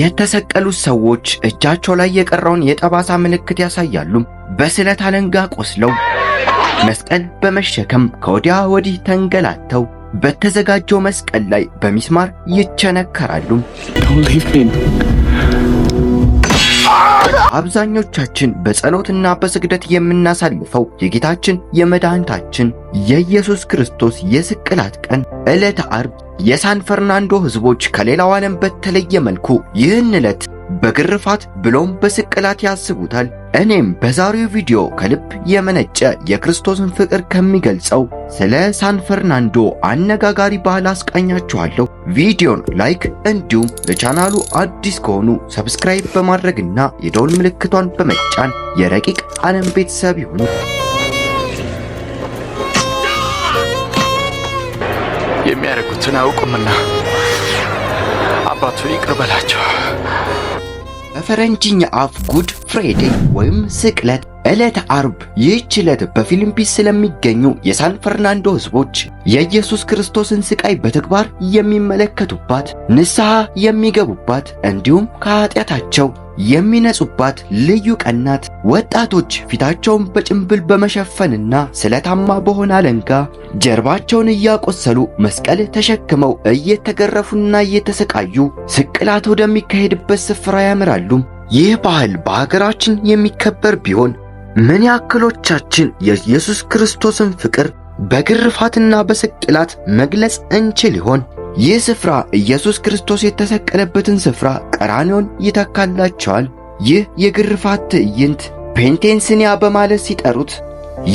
የተሰቀሉት ሰዎች እጃቸው ላይ የቀረውን የጠባሳ ምልክት ያሳያሉ። በስለት አለንጋ ቆስለው መስቀል በመሸከም ከወዲያ ወዲህ ተንገላተው በተዘጋጀው መስቀል ላይ በሚስማር ይቸነከራሉ። አብዛኞቻችን በጸሎትና በስግደት የምናሳልፈው የጌታችን የመድኃኒታችን የኢየሱስ ክርስቶስ የስቅላት ቀን ዕለተ ዓርብ የሳን ፈርናንዶ ህዝቦች ከሌላው ዓለም በተለየ መልኩ ይህን ዕለት በግርፋት ብሎም በስቅላት ያስቡታል። እኔም በዛሬው ቪዲዮ ከልብ የመነጨ የክርስቶስን ፍቅር ከሚገልጸው ስለ ሳን ፈርናንዶ አነጋጋሪ ባህል አስቃኛችኋለሁ። ቪዲዮን ላይክ እንዲሁም ለቻናሉ አዲስ ከሆኑ ሰብስክራይብ በማድረግና የደውል ምልክቷን በመጫን የረቂቅ ዓለም ቤተሰብ ይሁኑ። የሚያደርጉትን አያውቁምና አባቱ ይቅር በላቸው። በፈረንጅኛ አፍ ጉድ ፍሬዴ ወይም ስቅለት ዕለተ አርብ ይህች ዕለት በፊሊፒንስ ስለሚገኙ የሳን ፈርናንዶ ህዝቦች የኢየሱስ ክርስቶስን ስቃይ በተግባር የሚመለከቱባት፣ ንስሐ የሚገቡባት እንዲሁም ከኃጢአታቸው የሚነጹባት ልዩ ቀናት ወጣቶች ፊታቸውን በጭንብል በመሸፈንና ስለታማ በሆነ አለንጋ ጀርባቸውን እያቆሰሉ መስቀል ተሸክመው እየተገረፉና እየተሰቃዩ ስቅላት ወደሚካሄድበት ስፍራ ያምራሉ። ይህ ባህል በሀገራችን የሚከበር ቢሆን ምን ያክሎቻችን የኢየሱስ ክርስቶስን ፍቅር በግርፋትና በስቅላት መግለጽ እንችል ይሆን? ይህ ስፍራ ኢየሱስ ክርስቶስ የተሰቀለበትን ስፍራ ቀራንዮን ይተካላቸዋል። ይህ የግርፋት ትዕይንት ፔንቴንስኒያ በማለት ሲጠሩት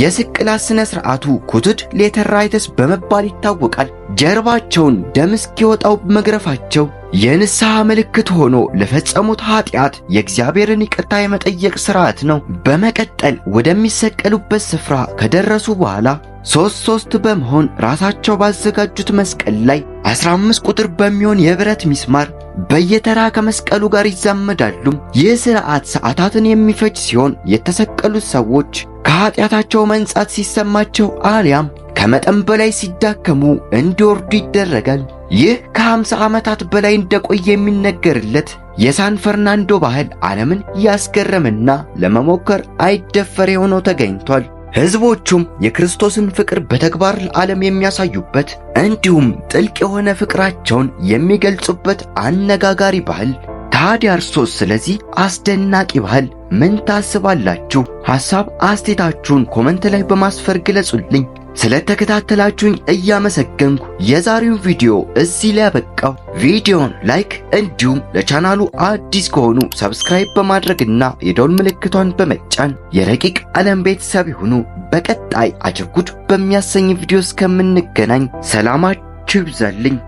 የስቅላት ስነ ስርዓቱ ኩትድ ሌተራይተስ በመባል ይታወቃል። ጀርባቸውን ደም እስኪወጣው መግረፋቸው የንስሐ ምልክት ሆኖ ለፈጸሙት ኃጢአት የእግዚአብሔርን ይቅርታ የመጠየቅ ስርዓት ነው። በመቀጠል ወደሚሰቀሉበት ስፍራ ከደረሱ በኋላ ሦስት ሶስት በመሆን ራሳቸው ባዘጋጁት መስቀል ላይ 15 ቁጥር በሚሆን የብረት ሚስማር በየተራ ከመስቀሉ ጋር ይዛመዳሉ። ይህ ስርዓት ሰዓታትን የሚፈጅ ሲሆን የተሰቀሉት ሰዎች ከኃጢአታቸው መንጻት ሲሰማቸው አሊያም ከመጠን በላይ ሲዳከሙ እንዲወርዱ ይደረጋል። ይህ ከ50 ዓመታት በላይ እንደቆየ የሚነገርለት የሳን ፈርናንዶ ባህል ዓለምን ያስገረምና ለመሞከር አይደፈር ሆኖ ተገኝቷል። ሕዝቦቹም የክርስቶስን ፍቅር በተግባር ለዓለም የሚያሳዩበት እንዲሁም ጥልቅ የሆነ ፍቅራቸውን የሚገልጹበት አነጋጋሪ ባህል። ታዲያ እርሶስ ስለዚህ አስደናቂ ባህል ምን ታስባላችሁ? ሐሳብ አስቴታችሁን ኮመንት ላይ በማስፈር ግለጹልኝ። ስለተከታተላችሁኝ እያመሰገንኩ የዛሬውን ቪዲዮ እዚህ ላይ ያበቃው። ቪዲዮን ላይክ እንዲሁም ለቻናሉ አዲስ ከሆኑ ሰብስክራይብ በማድረግና የደውል ምልክቷን በመጫን የረቂቅ ዓለም ቤተሰብ ይሁኑ። በቀጣይ አጀጉድ በሚያሰኝ ቪዲዮ እስከምንገናኝ ሰላማችሁ ይብዛልኝ።